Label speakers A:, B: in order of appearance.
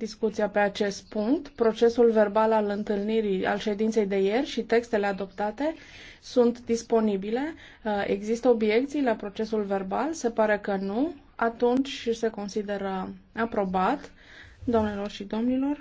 A: discuția pe acest punct. Procesul verbal al întâlnirii, al ședinței de ieri și textele adoptate sunt disponibile. Uh, există obiecții la procesul verbal? Se pare că nu. Atunci se consideră aprobat.
B: Doamnelor și domnilor,